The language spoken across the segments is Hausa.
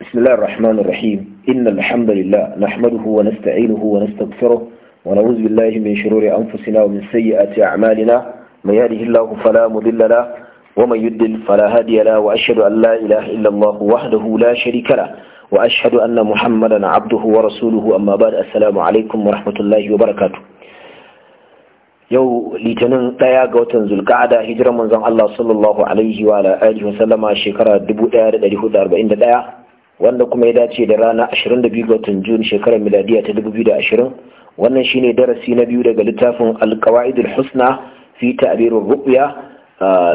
بسم الله الرحمن الرحيم إن الحمد لله نحمده ونستعينه ونستغفره ونعوذ بالله من شرور أنفسنا ومن سيئات أعمالنا من يهده الله فلا مضل له ومن يضلل فلا هادي له وأشهد أن لا إله إلا الله وحده لا شريك له وأشهد أن محمدا عبده ورسوله أما بعد السلام عليكم ورحمة الله وبركاته yau litinin ɗaya ga watan zulka'ada hijirar manzon Allah sallallahu alaihi wa alihi wa sallama shekara 1441 wanda kuma ya dace da rana 22 ga watan Juni, shekarar miladiya ta 2020 wannan shine darasi na biyu daga littafin al husna fi ta'birur ruya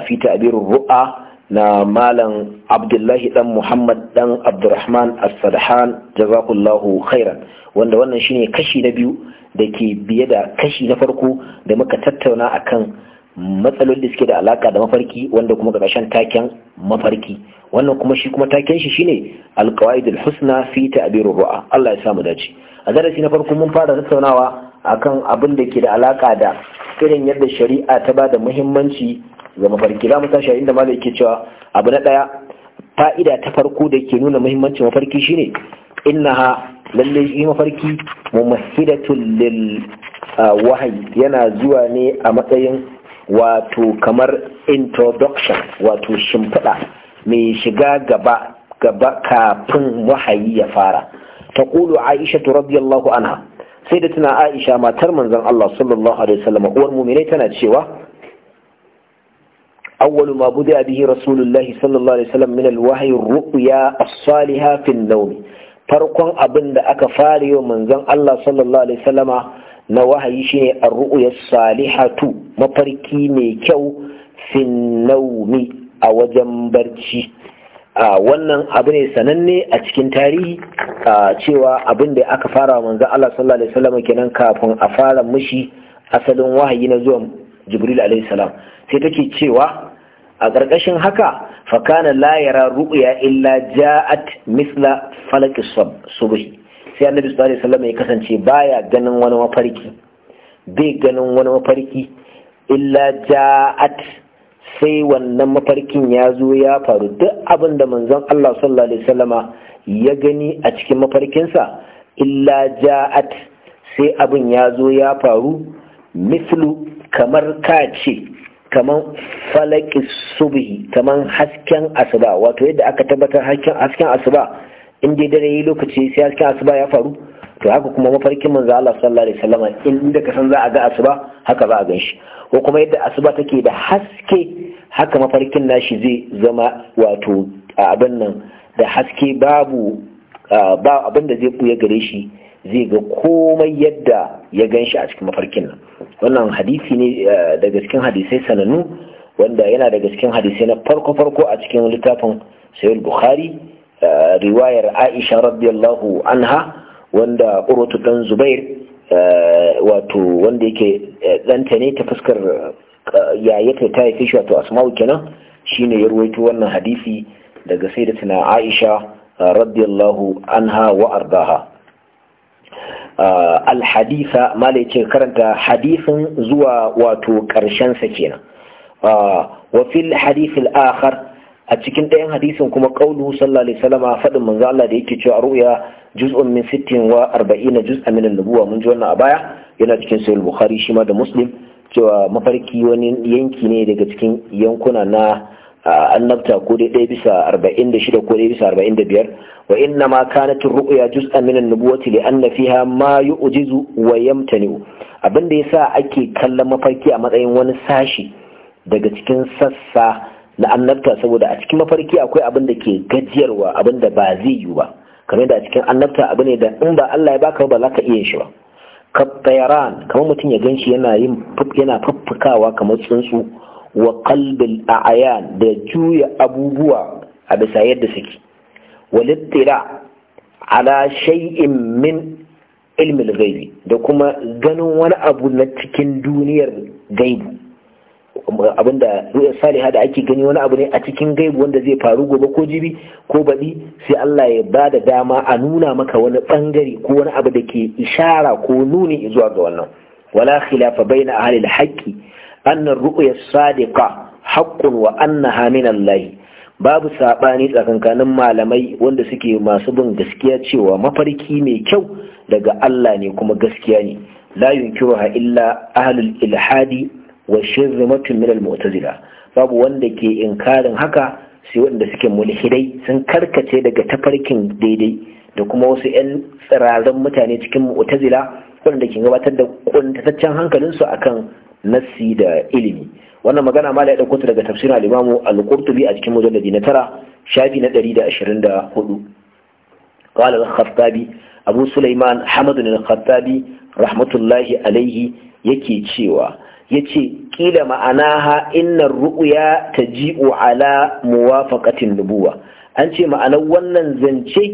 fi ta'birur rua na malam Abdullahi dan Muhammad dan Abdurrahman As-Sadhan jazakallahu khairan wanda wannan shine kashi na biyu da ke biye da kashi na farko da muka tattauna akan matsalolin da suke da alaka da mafarki wanda kuma ga taken mafarki wannan kuma shi kuma taken shi shine alqawaid alhusna fi ta'bir ru'a Allah ya samu dace a darasi na farko mun fara tattaunawa akan abin da ke da alaka da irin yadda shari'a ta bada muhimmanci ga mafarki za mu tashi a inda malai ke cewa abu na daya fa'ida ta farko da ke nuna muhimmancin mafarki shine innaha lalle shi mafarki mumassidatul lil wahayi yana zuwa ne a matsayin wato kamar introduction wato shimfiɗa mai shiga gaba gaba kafin wahayi ya fara taqulu aisha radiyallahu anha sai da tana aisha matar manzon Allah sallallahu alaihi wasallam uwar mu'minai tana cewa awwalu ma budi bihi rasulullahi sallallahu alaihi wasallam min alwahyi ar-ru'ya as saliha fi an-nawm farkon abin da aka fara yau manzon Allah sallallahu alaihi wasallama na wahayi shine ar-ru'ya as-salihatu mafarki mai kyau fi an a wajen barci a wannan abu ne sananne a cikin tarihi a cewa abin da aka fara manzo Allah sallallahu alaihi wasallam kenan kafin a fara mishi asalin wahayi na zuwan Jibril alaihi salam sai take cewa a ƙarƙashin haka fakana la yara ru'ya illa ja'at misla falaq subhi sai annabi sallallahu alaihi wasallam ya kasance baya ganin wani mafarki bai ganin wani mafarki illa ja'at sai wannan mafarkin ya zo ya faru duk abin da manzon Allah sallallahu alaihi wasallama ya gani a cikin mafarkinsa illa ja'at sai abin ya zo ya faru mislu kamar kace kamar falaki subhi kamar hasken asuba wato yadda aka tabbatar hasken asuba in dai dare lokaci sai hasken asuba ya faru to haka kuma mafarkin manzo Allah sallallahu alaihi wasallam inda ka san za a ga asuba haka za a gan shi ko kuma yadda asuba take da haske haka mafarkin nashi zai zama wato abin nan da haske babu ba abin da zai buya gare shi zai ga komai yadda ya ganshi shi a cikin mafarkin nan wannan hadisi ne daga cikin hadisai sanannu wanda yana daga cikin hadisai na farko-farko a cikin littafin Sayyid bukhari riwayar aisha radiyallahu anha wanda urutu dan zubair eh, wato wanda yake danta eh, ne ta fuskar eh, yayata ta haife shi wato asma'u kenan shine ya ruwaito wannan hadisi daga sayyidatina aisha radiyallahu anha wa ardaha haditha mala yake karanta hadisin zuwa wato karshen sa kenan wa fil hadith al-akhar a cikin ɗayan hadisin kuma ƙaunu sallallahu alaihi wasallam faɗin manzo Allah da yake cewa ru'ya juz'un min sittin wa arba'ina juz'a min an-nubuwa mun ji wannan a baya yana cikin sahih bukhari shi ma da muslim cewa mafarki wani yanki ne daga cikin yankuna na annabta ko dai ɗaya bisa arba'in da shida ko ɗaya bisa arba'in da biyar wa inna ma kanat ru'ya juz'a min an-nubuwati li anna fiha ma yu'jizu wa yamtani'u abinda yasa ake kallon mafarki a matsayin wani sashi daga cikin sassa na annabta saboda a cikin mafarki akwai abin da ke gajiyarwa abin da ba zai yiwu ba kamar da a cikin annabta abu ne da in ba Allah ya baka ba za ka iya shi ba ka tsayaran kamar mutum ya gan shi yana yin yana fuffukawa kamar tsuntsu wa qalbil a'yan da juya abubuwa a bisa yadda suke walittira ala shay'in min ilmil ghaibi da kuma ganin wani abu na cikin duniyar gaibi abinda ru'yar saliha da ake gani wani abu ne a cikin gaibu wanda zai faru gobe ko jibi ko baɗi sai Allah ya ba da dama a nuna maka wani ɓangare ko wani abu da ke ishara ko nuni zuwa ga wannan wala khilafa baina ahli al-haqqi anna ar-ru'ya sadiqa haqqun wa annaha min Allah babu saɓani tsakankanin malamai wanda suke masu bin gaskiya cewa mafarki mai kyau daga Allah ne kuma gaskiya ne la yunkiruha illa ahlul ilhadi wa shirmatun min motazila mutazila babu wanda ke inkarin haka sai wanda suke mulhidai sun karkace daga tafarkin daidai da kuma wasu 'yan tsirarin mutane cikin mu'tazila wanda ke gabatar da kuntataccen hankalinsu akan nassi da ilimi wannan magana ma ya dauko daga tafsirin al imamu al-Qurtubi a cikin mujalladi na tara shafi na 124 qala al-Khattabi Abu Sulaiman Hamad al-Khattabi rahmatullahi alaihi yake cewa Ya yace kila ma'anaha innar ru'ya taji'u ala muwafaqatin nubuwa an ce ma'anar wannan zance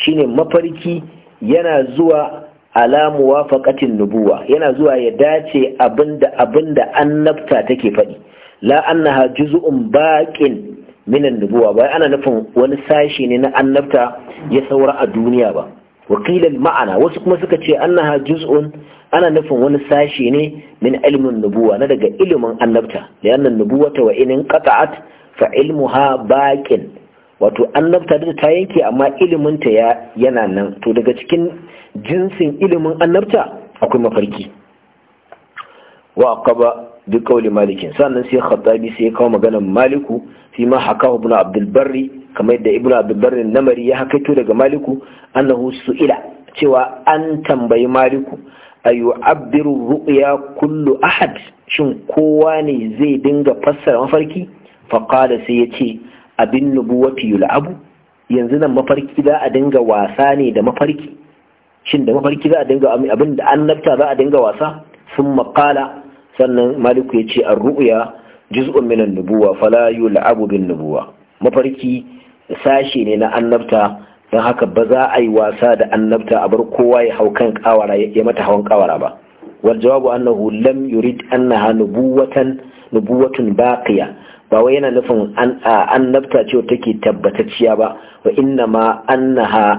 shine mafarki yana zuwa ala muwafaqatin nubuwa yana zuwa ya dace abinda abinda annabta take faɗi la annaha juz'un baqin minan nubuwa ba ana nufin wani sashi ne na annabta ya saura a duniya ba wakilan ma'ana wasu kuma suka ce annaha juz'un ana nufin wani sashi ne min ilmin nubuwa na daga ilimin annabta liannan nubuwata wa inin qata'at fa ilmuha baqin wato annabta da ta yanke amma ilimin ta yana nan to daga cikin jinsin ilimin annabta akwai mafarki wa qaba bi qawli malikin sannan sai khattabi sai ya kawo maganar maliku fi ma hakahu ibn abdul barri kamar yadda ibnu Abdullahi namari ya hakaito daga maliku annahu su'ila cewa an tambayi maliku ayu abbiru ru'ya kullu ahad shin kowa ne zai dinga fassara mafarki faqala sai yace abin nubuwati yul'abu yanzu nan mafarki za a dinga wasa ne da mafarki shin da mafarki za a dinga abin da annabta za a dinga wasa sun maƙala sannan maliku ya ce a ru'ya juz'un minan nubuwa fala yul'abu bin nubuwa mafarki sashi ne na annabta don haka ba za a yi wasa da annabta a bar kowa ya hau kan kawara ya mata hawan kawara ba wal jawabu annahu lam yurid annaha nubuwatan nubuwatun baqiya ba wai yana nufin annabta ce take tabbatacciya ba wa inna ma annaha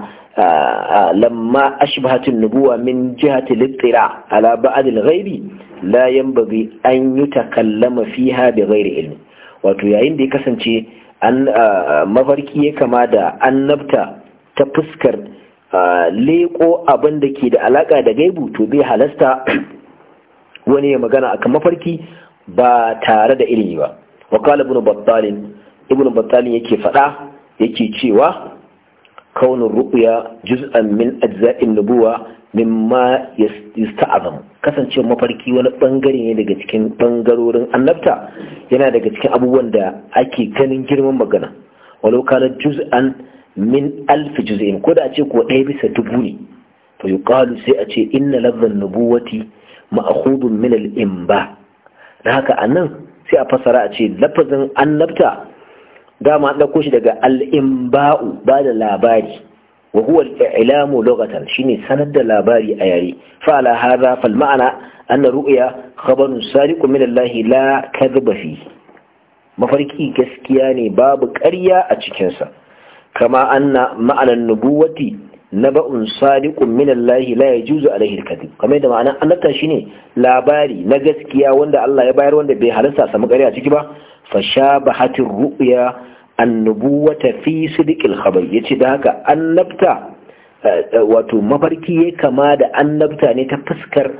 lamma ashbahatun nubuwa min jihati littira ala ba'd al-ghairi la yanbaghi an yutakallama fiha bi ghairi ilmi wato yayin da ya kasance mafarki ya kama da annabta ta fuskar leko abin da ke da alaka da gaibu to bai halasta wani ya magana akan mafarki ba tare da ilimi ba wakala ibn battalin ibn battalin yake fada yake cewa kaunin ru'ya juz'an min ajza'in nubuwa mimma yasta'azam kasancewa mafarki wani bangare ne daga cikin bangarorin annabta yana daga cikin abubuwan da ake ganin girman magana walau kana juz'an min alf juz'in ko da ce ko ɗaya bisa dubu ne to yuqalu sai a ce inna lafzan nubuwati ma'khudun min al-imba dan haka anan sai a fasara a ce lafazin annabta dama an dauko shi daga al-imba'u ba da labari wa huwa al-i'lamu lughatan shine sanar da labari a yare fa ala hadha fal ma'ana anna ru'ya khabarun sariqun min Allah la kadhiba fi mafarki gaskiya ne babu ƙarya a cikin sa kama anna ma'ana nubuwati naba'un sadiqun min Allah la yajuzu alayhi al kamar da ma'ana annabta shine labari na gaskiya wanda Allah ya bayar wanda bai halarta samu ƙarya a ciki ba fa shabahatir ru'ya Annubuwa ta fi sidikil khabar ce da haka annabta eh, wato mafarki ya kama da annabta ne ta fuskar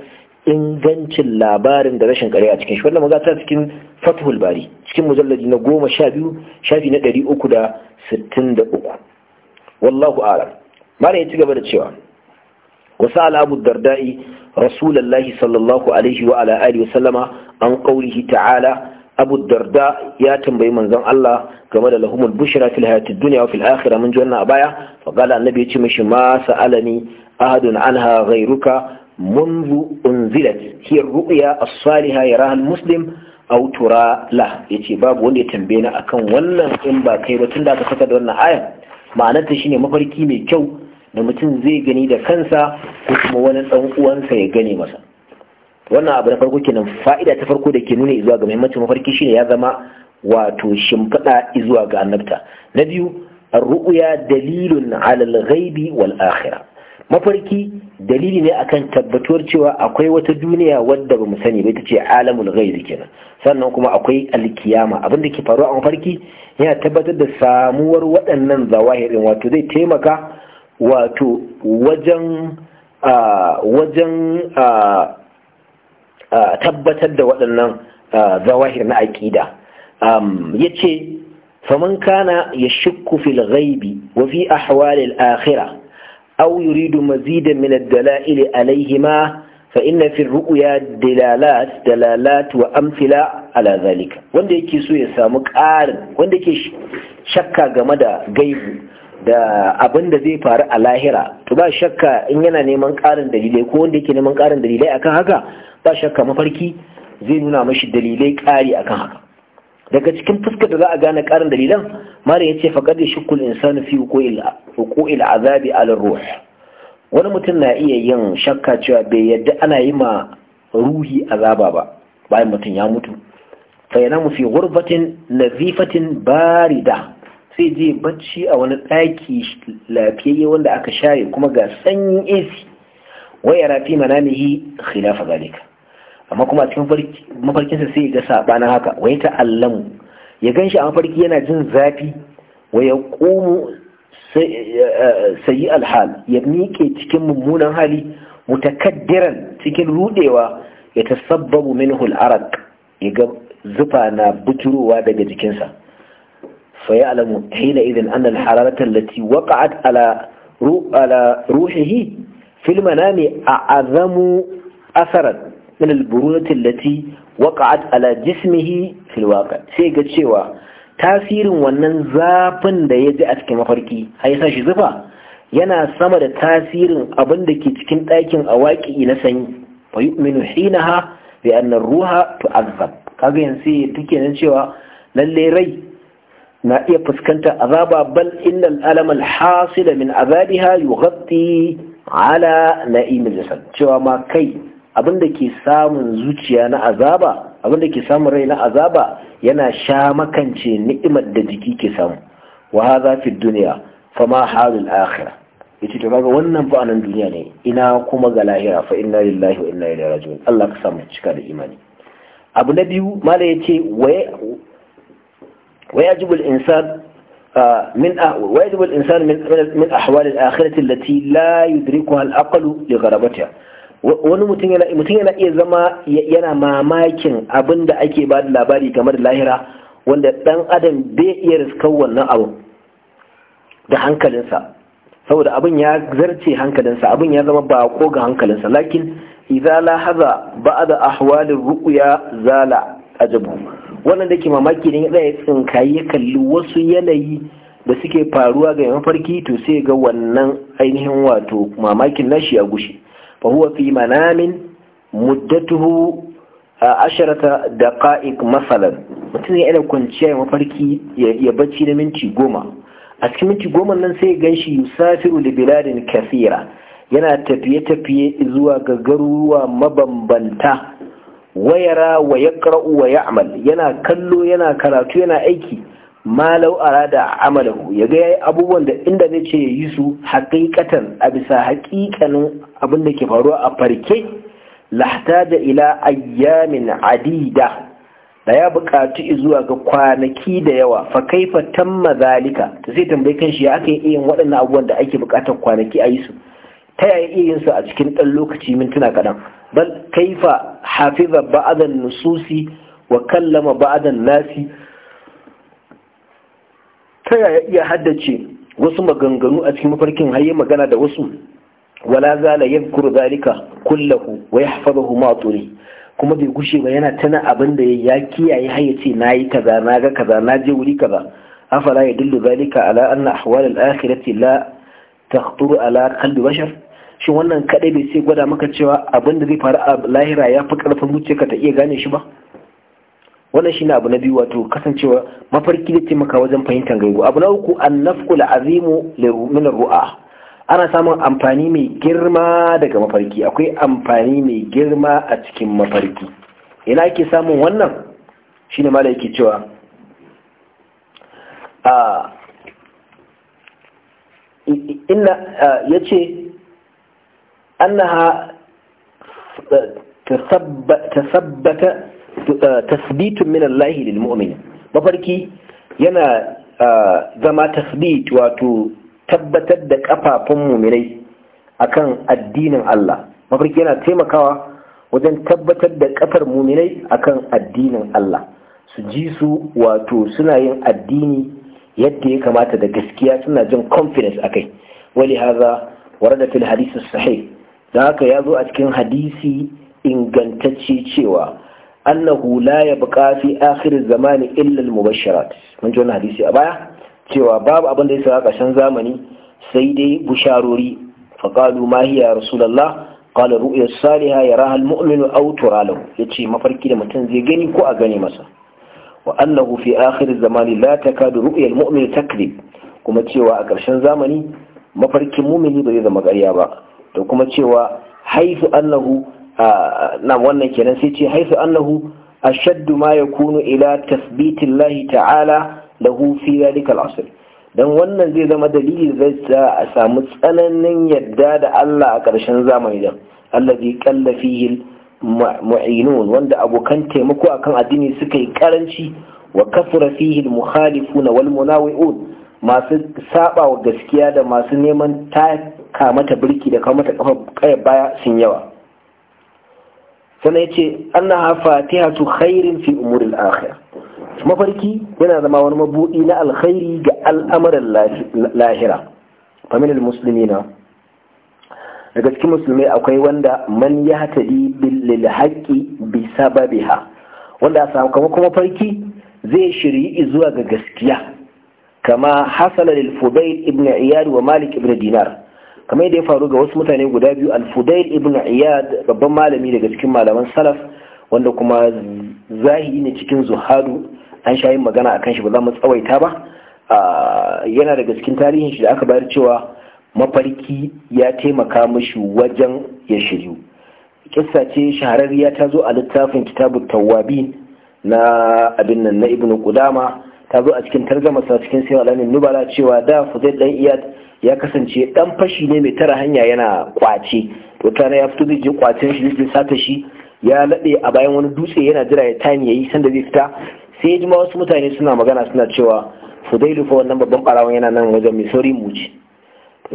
ingancin labarin da rashin kare a cikin shi wannan magata cikin fathul bari cikin mujalladi na goma sha biyu shafi na ɗari uku da sittin da uku wallahu alam mara ya ci gaba da cewa wasu al'abu darda'i rasulallahi sallallahu alaihi wa ala alihi wa sallama an qaulihi ta'ala abu darda ya tambayi manzon Allah game da lahumul bushra fil hayatid dunya wa fil akhirah mun ji wannan a baya fa qala annabi ya ce mishi ma sa'alani ahadun anha ghayruka منذ أنزلت هي الرؤيا الصالحة يراها المسلم أو ترى له يتي باب وندي تنبينا أكن ولا إن با كي بتن ذاك فتد ولا آية معنى تشيني مفرقي من جو نمتن زي جني دا كنسا كتم ولا أو ya gani مثلا wannan abu na farko kenan fa'ida ta farko da ke nuna izuwa ga muhimmancin mafarki shine ya zama wato shimfiɗa zuwa ga annabta na biyu ru'ya dalilun alal ghaibi wal akhirah mafarki dalili ne akan tabbatuwar cewa akwai wata duniya wadda ba mu sani ba ita ce alamul ghaibi kenan sannan kuma akwai alkiyama abin da ke faruwa a mafarki yana tabbatar da samuwar waɗannan zawahirin wato zai taimaka wato wajen wajen tabbatar da waɗannan zawahir na aƙida ya ce famin kana ya shukku fil ghaibi wa fi ahwalil akhirah aw yuridu mazidan min ad-dala'il alayhima fa inna fi ru'ya dalalat dalalat wa amthila ala zalika wanda yake so ya samu ƙarin wanda yake shakka game da gaibu da abin da zai faru a lahira to ba shakka in yana neman ƙarin dalilai ko wanda yake neman ƙarin dalilai akan haka ba shakka mafarki zai nuna mashi dalilai ƙari akan haka daga cikin fuskar da za a gane karin dalilan mara ya ce faƙar da shukul insani fi hukuil azabi ala ruh wani mutum na iya yin shakka cewa bai yadda ana yi ma ruhi azaba ba bayan mutum ya mutu fayyana mu fi gurbatin nazifatin barida sai je bacci a wani ɗaki lafiyayye wanda aka share kuma ga sanyin AC waya rafi manamihi khilafa zalika amma kuma cikin mafarkinsa sai ga sabanin haka wai ta'allamu ya ganshi a mafarki yana jin zafi wa ya qumu sayi alhal ya miƙe cikin mummunan hali mutakaddiran cikin rudewa ya ta minhu min araq ya ga zufa na buturowa daga jikinsa fa ya'lamu hina idan anna al-hararata allati waqa'at ala ala ruhihi ne a a'azamu asarar. min alburunati allati waqa'at ala jismihi fil waqa sai ga cewa tasirin wannan zafin da ya ji a cikin mafarki haisa sa shi zufa yana sama da tasirin abin da ke cikin ɗakin a waƙi na sanyi fa yu'minu hinaha bi anna ruha tu'azzab kaga yanzu sai take nan cewa lalle rai na iya fuskanta azaba bal innal alam al hasil min azabiha yughatti ala na'im al jasad cewa ma kai abinda ke samun zuciya na azaba abinda ke samun rai na azaba yana sha makance ni'imar da jiki ke samu wa hadha fi dunya fama halul akhirah yace to kaga wannan fa anan duniya ne ina kuma ga lahira fa inna lillahi wa inna ilaihi raji'un Allah ka samu cika da imani abu na biyu mala yace wa yajibu al-insan من ويجب الإنسان من من أحوال الآخرة التي لا يدركها العقل لغرابتها wani mutum yana iya zama yana mamakin abin da ake ba da labari game da lahira wanda dan adam bai iya riskar wannan abu da hankalinsa saboda abin ya zarce hankalinsa abin ya zama bako ga hankalinsa lakin idza lahaza ba'da ahwalir ru'ya zala ajabu wannan da ke mamaki ne ya tsinkayi ya kalli wasu yanayi da suke faruwa ga mafarki to sai ga wannan ainihin wato mamakin nashi ya gushe fa huwa fi manamin muddatuhu asharata daqa'iq masalar. mutum ya irin kwanciya ya mafarki ya bacci na minti goma a cikin minti goma nan sai ya ganshi yusafiru da biladin kathira yana tafiye-tafiye zuwa ga garuruwa mabambanta wayara wa ya wa ya'mal yana kallo yana karatu yana aiki malau arada amalahu ya ga yayi abubuwan da inda zai ce yi su haqiqatan a bisa haqiqanin abin ke faruwa a farke da ila ayyamin adida da ya buƙatu zuwa ga kwanaki da yawa fa kaifa tamma zalika to sai tambayi kan shi aka yi yin waɗannan abubuwan da ake buƙatar kwanaki a yi su ta yaya iya su a cikin ɗan lokaci mintuna kaɗan bal kaifa hafiza ba'adan nususi wa kallama ba'adan nasi ta yaya iya haddace wasu maganganu a cikin mafarkin har yi magana da wasu wala zala kuru dhalika kullahu wa yahfazuhu ma maturi kuma bai gushe ba yana tana abin da ya kiyaye har ya ce nayi kaza na ga kaza na je wuri kaza afala dillu dhalika ala anna ahwal al-akhirati la takhturu ala qalbi bashar shin wannan kadai bai sai gwada maka cewa abin da zai faru a lahira ya fi karfin zuciyarka ta iya gane shi ba wannan shine abu na biyu wato kasancewa mafarki da taimaka wajen fahimtar gaibu abu na uku annafqul azimu min ru'a ana samun amfani mai girma daga mafarki akwai amfani mai girma a cikin mafarki ina ake samun wannan shine mala yake cewa a inna yace annaha tasabbata Eh, tasbitun min Allah lil mu'min mafarki yana eh, zama tasbit wato tabbatar da kafafun mu'minai akan addinin Allah mafarki yana taimakawa wajen tabbatar da kafar mu'minai akan addinin Allah su ji su wato suna yin addini yadda ya kamata da gaskiya suna jin confidence akai wali hadha warada fil hadith sahih da haka ya zo a cikin hadisi ingantacce cewa annahu la yabqa fi akhir zamani illa al-mubashirat mun ji wannan hadisi a baya cewa babu abin da ya saka ƙarshen zamani sai dai busharori qalu ma hiya rasulullah qala ru'ya salihah yaraha al-mu'minu aw tura lahu yace mafarki da mutum zai gani ko a gane masa wa annahu fi akhir zamani la takadu ru'ya al-mu'min kuma cewa a ƙarshen zamani mafarkin mumini ba zai zama ƙarya ba To kuma cewa haifu annahu na wannan kenan sai ce haifu annahu ashaddu ma yakunu ila tasbitillahi ta'ala lahu fi zalikal asr dan wannan zai zama dalili da zai a samu tsananin yadda da Allah a ƙarshen zamani dan allazi qalla fihi mu'inun wanda abokan taimako akan addini suka yi karanci wa kafura fihi al-mukhalifuna wal munawi'un masu saba gaskiya da masu neman ta kamata birki da kamata kafa baya sun yawa sana ya ce "An ta fatihatu khairin fi umuril akhirah mafarki yana zama wani mabuɗi na alkhairi ga al'amuran lahira musulmi na. daga cikin musulmi akwai wanda man ya hatari lil haqqi bi ha. wanda a sakamakon mafarki zai shiryi zuwa ga gaskiya kama hasala lil fubayl ibn iyad wa malik ibn dinar kamar yadda ya faru ga wasu mutane guda biyu al-fudail ibn iyad babban malami daga cikin malaman salaf wanda kuma zahiri ne cikin zuhadu an sha yin magana akan shi ba za mu tsawaita ba yana daga cikin tarihin shi da aka bayar cewa mafarki ya taimaka mashi wajen ya shiryu kissa ce shahararriya ta zo a littafin kitabu tawabin na abin nan na ibnu qudama ta zo a cikin tarjama sa cikin sayyid alamin nubala cewa da fudail dan iyad ya kasance dan fashi ne mai tara hanya yana kwace to tana ya fito zai je kwacen shi zai sata shi ya lade a bayan wani dutse yana jira ya tani yayi sanda zai fita sai ya jima wasu mutane suna magana suna cewa fudailu fa wannan babban barawon yana nan wajen mai sauri muci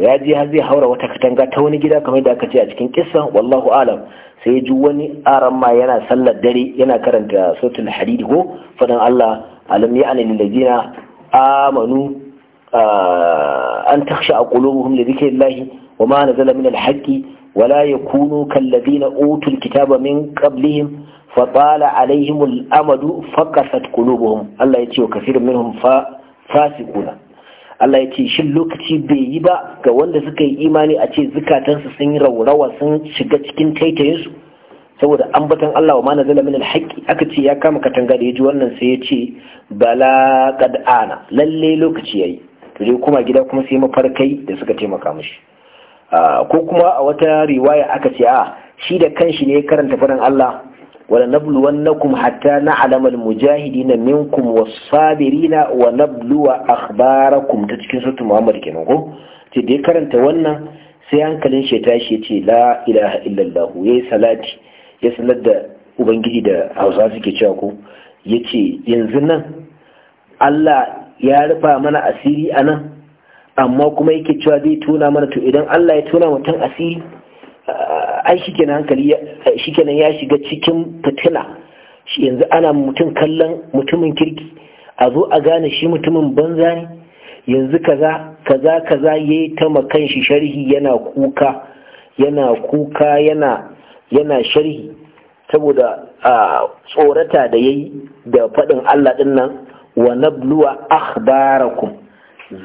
ya je har zai haura wata katanga ta wani gida kamar da aka ce a cikin kissa wallahu alam sai ya ji wani aran yana sallar dare yana karanta sautin hadidi ko fadan Allah alam ya anil ladina amanu an takhsha a li dhikrillahi wa ma nazala min al-haqqi wa la yakunu kal ladina utul kitaba min qablihim fa Amadu, alaihim al-amadu faqasat qulubuhum Allah yace wa kathirun minhum fa Allah ya ce shin lokaci bai yi ba ga wanda suka yi imani a ce zukatansu sun yi raurawa sun shiga cikin taitayinsu saboda ambatan Allah wa na zala minal haqqi aka ce ya kama katanga da yaji wannan sai ya ce bala qad lalle lokaci yayi to je kuma gida kuma sai mafarkai da suka taimaka mashi. ko kuma a wata riwaya aka ce a shi da kanshi ne karanta faɗin Allah wala wannakum hatta na'lamal mujahidina minkum was-sabirina wa akhbarakum ta cikin sautu Muhammad kenan ko ce da ya karanta wannan sai hankalin shi ya tashi ce la ilaha illallah yayi salati ya sanar da ubangiji da Hausa suke cewa ko yace yanzu nan Allah ya rufa mana asiri a nan amma kuma yake cewa zai tuna mana to idan Allah ya tuna mutum asiri ai shi kenan hankali shi kenan ya shiga cikin fitila yanzu ana mutum kallon mutumin kirki a zo a gane shi mutumin banza ne yanzu kaza kaza kaza yayi ta makan shi sharhi yana kuka yana kuka yana yana sharhi saboda tsorata da yayi da faɗin Allah ɗin nan wa nabluwa akhbarakum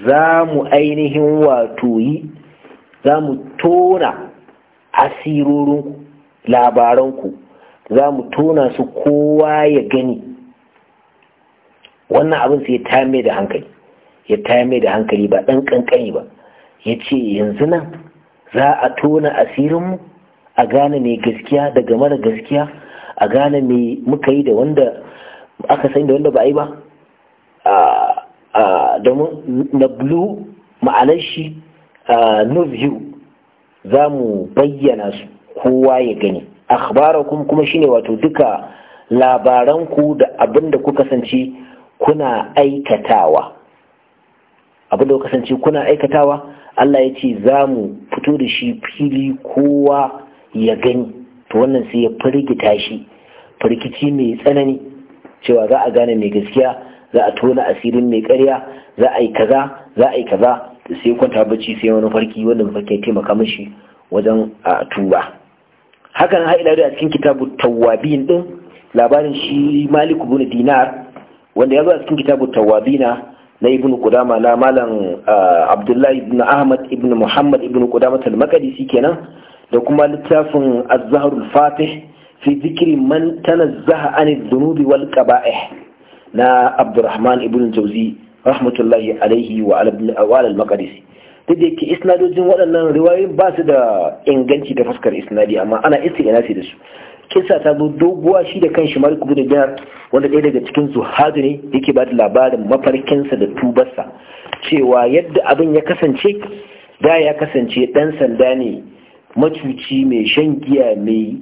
za mu ainihin wato yi za mu tona asirorin labaranku za mu tona su kowa ya gani wannan abin sai ya tame da hankali ya tame da hankali ba ɗan ƙanƙani ba ya ce yanzu nan za a tona asirin mu a gane mai gaskiya daga mara gaskiya a gane me muka yi da wanda aka sani da wanda ba a yi ba domin na bulu ma'anar shi a new view za mu bayyana su kowa ya gani akhbarakum kuma shine wato duka labaranku da abinda ku kasance kuna aikatawa abinda ku kasance kuna aikatawa Allah ya ce za mu fito da shi fili kowa ya gani to wannan sai ya firgita shi firkici mai tsanani cewa za a gane mai gaskiya za a tona asirin mai karya, za a yi kaza za a yi kaza sai kwanta bacci sai wani farki wanda mafarki ya taimaka mashi wajen a tuba hakan har ila da cikin kitabu tawabin din labarin shi malik ibn dinar wanda ya zo a cikin kitabu tawabina na ibn qudama na malam abdullahi ibn ahmad ibn muhammad ibn qudama al-maqdisi kenan da kuma littafin az-zahrul fatih fi dhikri man tanazzaha anil dhunubi wal qaba'ih na abdurrahman ibn jauzi rahmatullahi alaihi wa alal maqdisi duk da ke isnadojin waɗannan riwayoyin ba su da inganci da fuskar isnadi amma ana istinasi da su kisa ta zo doguwa shi da kan shi malik ibn dinar wanda ɗaya daga cikin zuhadu ne yake ba da labarin mafarkinsa da tubarsa cewa yadda abin ya kasance da ya kasance ɗan sanda ne macuci mai shan giya mai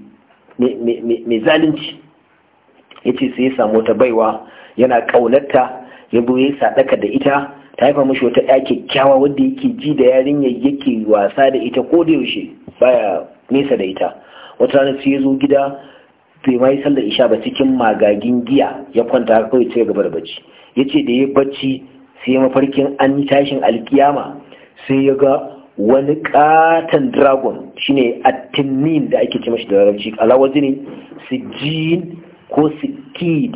zalunci yace sai ya samu ta baiwa yana ƙaunarta ya zo sadaka da ita ta haifa mashi wata ɗaya kyakkyawa wadda yake ji da yarinyar yake wasa da ita ko da yaushe baya nesa da ita wata rana sai ya zo gida bai ma sallar isha ba cikin magagin giya ya kwanta haka kawai ya gaba da bacci ya ce da ya bacci sai mafarkin an yi tashin alkiyama sai ya ga wani katon dragon shine atinin da ake ce mashi da larabci alawazini sijin ko sikid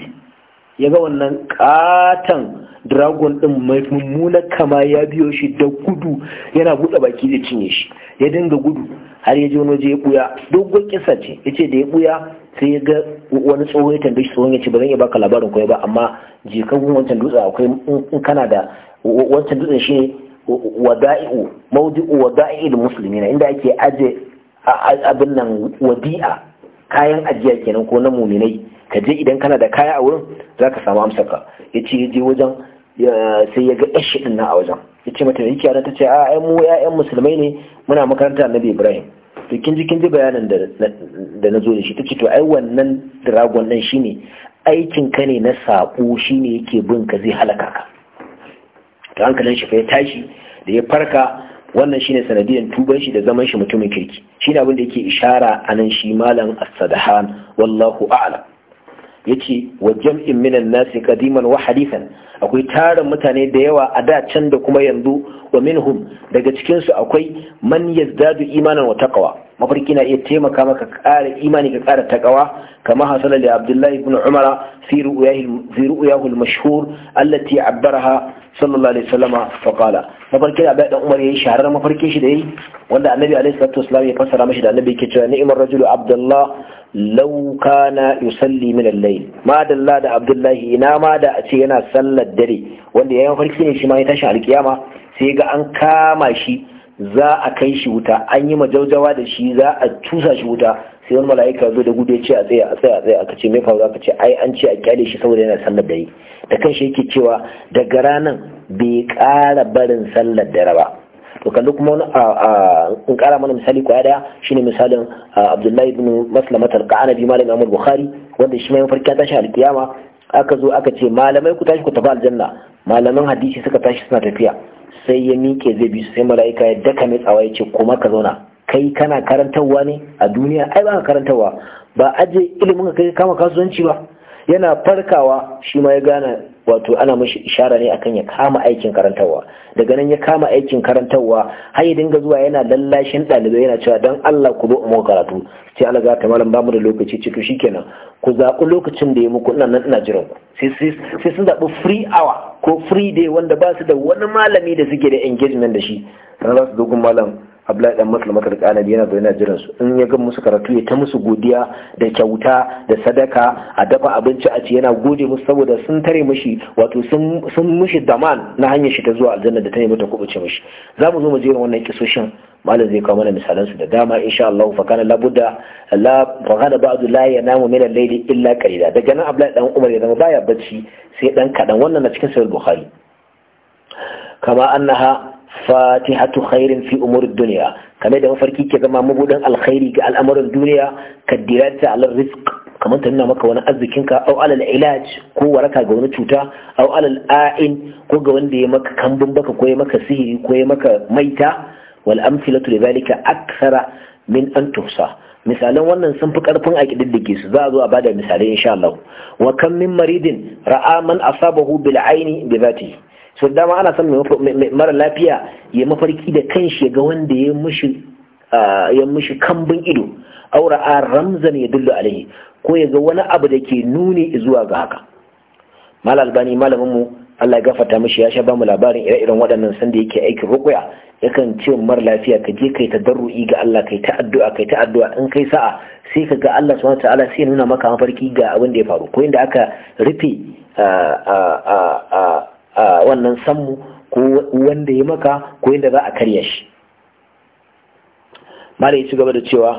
ya ga wannan katon dragon din mai mummuna kama ya biyo shi da gudu yana buɗe baki da cinye shi ya dinga gudu har ya je wani waje ya buya dogon kisa ce ya ce da ya buya sai ya ga wani tsohon ya tambaye shi tsohon ya ce ba zan iya baka labarin kuma ba amma je wancan dutsen akwai in kana da wancan dutsen shi ne wada'i'u mawdi'u musulmi na, inda ake aje abin nan wadi'a kayan ajiya kenan ko na muminai ka je idan kana da kaya a wurin za ka samu amsa ka ya ce ya je wajen sai ya ga yashi din nan a wajen ya ce mata yake yaran ta ce a 'yan mu musulmai ne muna makaranta na ibrahim to kin ji kin ji bayanin da na zo da shi ta ce to ai wannan dragon nan shine aikin ka ne na sako shine yake bin ka zai halaka ka to hankalin shi fa ya tashi da ya farka wannan shine sanadiyan tuban shi da zaman shi mutumin kirki shine abin da yake ishara anan shi malam as-sadahan wallahu a'lam yace wa jam'in minan nasi qadiman wa hadithan akwai tarin mutane da yawa a da can da kuma yanzu wa minhum daga cikin su akwai man yazdadu imanan wa taqwa mafarki na iya taimaka maka ƙara imani ka ƙara takawa kama hasala da abdullahi ibn umara fi ru'yahu al-mashhur allati abbaraha sallallahu alaihi wasallam fa qala mafarki da abdullahi umar yayi shahararren mafarkin shi da yayi wanda annabi alaihi salatu wasallam ya fassara mashi da annabi yake cewa ni'mar rajulu abdullah law kana yusalli min al-layl ma dalla da abdullahi ina ma da a ce yana sallar dare wanda yayin mafarki ne shi ma ya tashi alkiyama sai ga an kama shi za a kai shi wuta an yi majaujawa da shi za a cusa shi wuta sai wani mala'ika zo da gudu ya ce a tsaya a tsaya a tsaya aka ce mai faru aka ce ai an ce a kyale shi saboda yana sallar da yi. da kan shi yake cewa daga ranar bai kara barin sallar dare ba to kalli kuma wani in kara mana misali kwaya daya shine misalin abdullahi ibn maslamat al bi malam imam bukhari wanda shi mai farkiya ya tashi al aka zo aka ce malamai ku tashi ku tafi aljanna malaman hadisi suka tashi suna tafiya sai ya miƙe zai bi sai mala'ika ya daka mai tsawa ya ce kuma ka zauna kai kana karantarwa ne a duniya ai ba ka karantarwa ba aje ilimin ka kai kama kasuwanci ba yana farkawa shi ma ya gane wato ana mashi ishara ne akan ya kama aikin karantarwa daga nan ya kama aikin karantarwa har ya dinga zuwa yana lallashin ɗalibai yana cewa dan Allah ku zo mu karatu sai Allah ga ta malam bamu da lokaci ce to shikenan ku zaɓi lokacin da ya muku ina nan ina jiran sai sun zaɓi free hour ko free day wanda ba su da wani malami da suke da engagement da shi sannan su dogon malam abdullahi dan muslim aka rika annabi yana zaune jiran su in ya ga musu karatu ya ta musu godiya da kyauta da sadaka a dafa abinci a ci yana gode musu saboda sun tare mishi wato sun sun mishi daman na hanyar shi ta zuwa aljanna da ta yi ta kubuce mishi za mu zo mu jerin wannan kisoshin malam zai kawo mana misalan su da dama insha Allah fa kana labuda la fa kana ba'du la yanamu min al-layli illa qalila daga nan abdullahi dan umar ya zama baya bacci sai dan kadan wannan na cikin sahih bukhari kama annaha fatihatu khairin fi umurid duniya kamar da mafarki ke zama mabudin alkhairi ga al'amuran duniya ka dirata ala rizq kamar ta nuna maka wani arzikin ka au alal ilaj ko waraka ga wani cuta au alal a'in ko ga wanda ya maka kambun baka ko ya maka sihiri ko ya maka maita wal amsilatu lidhalika akthara min an tuhsa misalan wannan sun fi karfin a kididdige su za a zo a bada misalai insha Allah wa kam min maridin ra'a man asabahu bil aini bi zatihi so dama ana son mara lafiya ya mafarki da kan kanshi ga wanda ya mushi ya mushi kambun ido aura a ramzan ya dullu alaihi ko ya ga wani abu da ke nuni zuwa ga haka mal albani malamin mu Allah ya gafarta mishi ya sha ba mu labarin ire-iren waɗannan sanda yake aikin rukuya yakan ce mara lafiya ka je kai tadarru'i ga Allah kai ta addu'a kai ta addu'a in kai sa'a sai ka ga Allah subhanahu wataala sai ya nuna maka mafarki ga abin da ya faru ko inda aka rufe wannan sammu ko wanda ya maka ko yadda za a karya shi mala ya ci gaba da cewa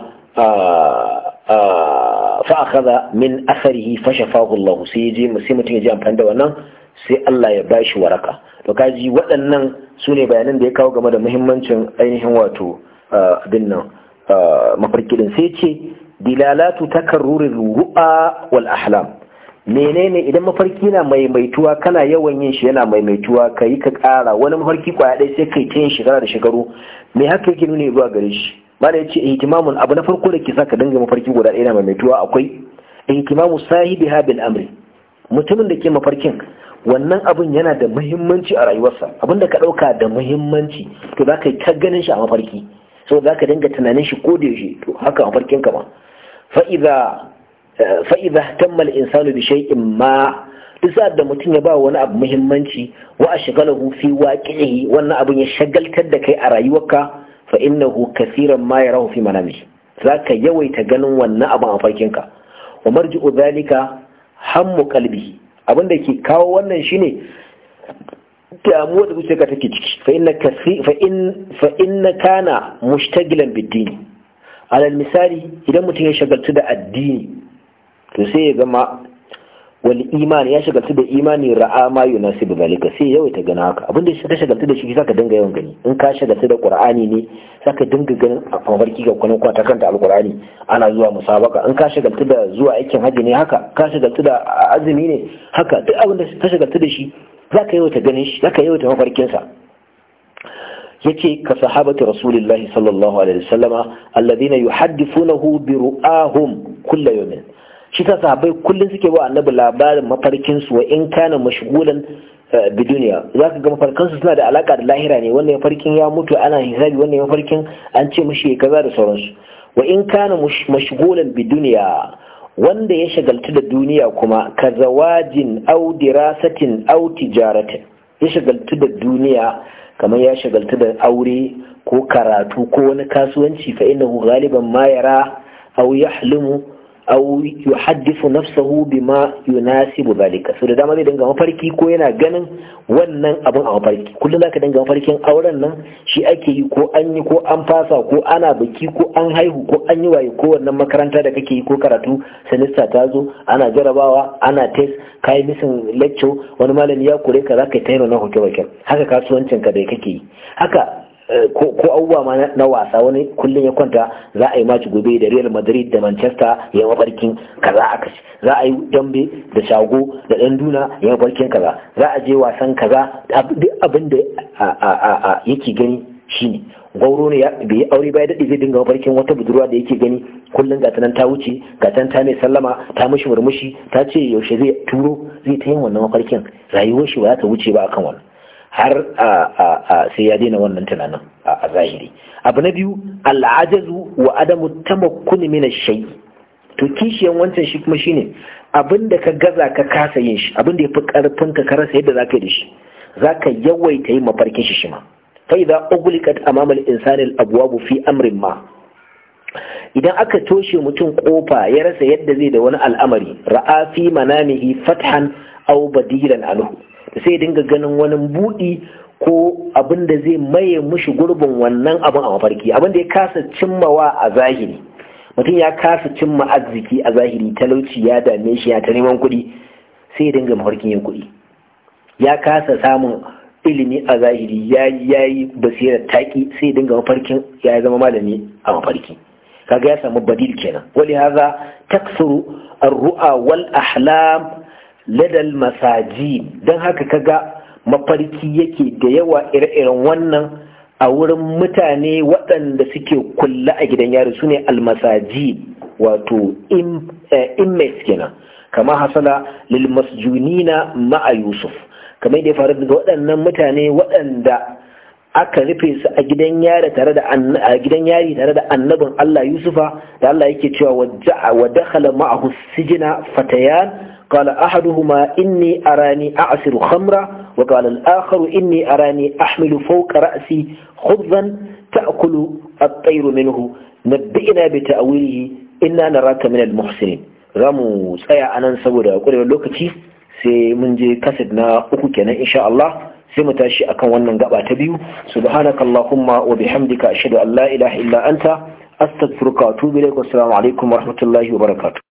fa'akaza min asarihi fashe fahullahu sai ya je sai mutum ya ji amfani da wannan sai Allah ya bashi shi waraka to kaji waɗannan sune bayanan da ya kawo game da muhimmancin ainihin wato abin nan mafarkidin sai ce dilalatu takarrurin ru'a wal ahlam menene idan mafarki na maimaituwa kana yawan yin shi yana maimaituwa ka yi ka kara wani mafarki kwaya ɗaya sai kai ta yin shekara da shekaru me haka yake nuna zuwa gare shi mana ya ce ihtimamun abu na farko da ke sa ka dinga mafarki guda ɗaya na maimaituwa akwai ihtimamu sahibi ha amri mutumin da ke mafarkin wannan abun yana da muhimmanci a rayuwarsa abin da ka ɗauka da muhimmanci to za ka yi ta ganin shi a mafarki saboda za ka dinga tunanin shi ko da yaushe to haka mafarkin ka ma fa'iza fa'iza tammal insanu bi shay'in ma duk da mutum ya ba wani abu muhimmanci wa a shagalahu fi waqihi wannan abun ya shagaltar da kai a rayuwarka fa innahu kaseeran ma yarahu fi manami zaka yawaita ganin wannan abu a farkinka wa marji'u zalika hammu qalbi da ke kawo wannan shine damuwa da zuciyarka take ciki fa inna fa in fa inna kana mushtagilan bid-din alal misali idan mutum ya shagaltu da addini to sai ya gama wani imani ya shagaltu da imani ra'a ma ba zalika sai yawai ta gana haka abinda ka shagaltu da shi ka dinga yawan gani in ka shagaltu da qur'ani ne ka dinga ganin a farki ga kwanan kwata kanta alqur'ani ana zuwa musabaka in ka shagaltu da zuwa aikin haji ne haka ka shagaltu da azumi ne haka duk abinda ka shagaltu da shi zaka ta ganin shi zaka ta mafarkin sa yace ka sahabati rasulullahi sallallahu alaihi wasallama alladhina yuhaddithunahu bi ru'ahum kullu yawmin shi ta sahabai kullum suke ba annabi labarin mafarkinsu wa in kana mashgulan eh, bi za ka ga mafarkansu suna da alaka da lahira ne wannan mafarkin ya mutu ana hisabi wannan mafarkin an ce mashi kaza da sauransu wa in kana mashgulan bi wanda ya shagaltu da duniya kuma ka zawajin au dirasatin au tijaratin ya shagaltu da duniya kamar ya shagaltu da aure ko karatu ko wani kasuwanci fa innahu ghaliban ma yara aw yahlimu aw yuhaddithu nafsahu bima yunasibu zalika so da dama zai dinga mafarki ko yana ganin wannan abun a mafarki kullum zaka dinga mafarkin auren nan shi ake yi ko an yi ko an fasa ko ana biki ko an haihu ko an yi waye ko wannan makaranta da kake yi ko karatu semester ta zo ana jarabawa ana test kai misin lecture wani malami ya kore ka zaka yi ta na hoke haka kasuwancin ka da kake yi haka ko abubuwa ma na wasa wani kullum ya kwanta za a yi maci gobe da real madrid da manchester ya yi mafarkin kaza a kashi za a yi dambe da shago da dan duna ya yi mafarkin kaza za a je wasan kaza duk abin da yake gani shine gauro ne bai yi aure ba ya daɗe zai dinga mafarkin wata budurwa da yake gani kullum gata nan ta wuce ga ta mai sallama ta mishi murmushi ta ce yaushe zai turo zai ta yin wannan mafarkin rayuwar shi ba za ta wuce ba akan wannan har sai ya daina wannan tunanin a zahiri abu na biyu al'ajazu wa adamu ta min ash-shay to kishiyan wancan shi kuma shine abinda ka gaza ka kasa yin shi abinda yafi karfin ka karasa yadda zaka yi da shi zaka yawaita yin mafarkin shi shi ma fa idza ughliqat amama al-insani al-abwab fi amrin ma idan aka toshe mutum kofa ya rasa yadda zai da wani al'amari ra'a fi manamihi fathan aw badiran anhu sai dinga ganin wani buɗi ko abin da zai maye mushi gurbin wannan abin a mafarki abin da ya kasa cimmawa a zahiri mutum ya kasa cimma arziki a zahiri talauci ya dame shi ya ta neman kuɗi sai ya dinga mafarkin yin kuɗi ya kasa samun ilimi a zahiri ya yi basirar taƙi sai ya dinga mafarkin ya zama malami a mafarki kaga ya samu badil kenan wali haza taksuru ar-ru'a wal ahlam ladal masaji don haka ka ga mafarki yake da yawa ire-iren wannan a wurin mutane waɗanda suke kulla a gidan yari su ne almasaji wato eh, inmates kenan kama hasala lil masjunina ma'a yusuf kamar da ya faru daga waɗannan mutane waɗanda aka rufe su a gidan yari tare da a gidan yari tare da annabin Allah Yusufa da Allah yake cewa wa dakhala ma'ahu sijina fatayan قال أحدهما إني أراني أعصر خمرة وقال الآخر إني أراني أحمل فوق رأسي خبزا تأكل الطير منه نبئنا بتأويله إنا نراك من المحسنين رامو سايا أنا saboda أقول لوكتي sai mun je kasid na uku kenan insha Allah sai mu tashi akan wannan gaba ta biyu subhanakallahumma wa bihamdika ashhadu an la ilaha illa anta astaghfiruka wa atubu wa rahmatullahi wa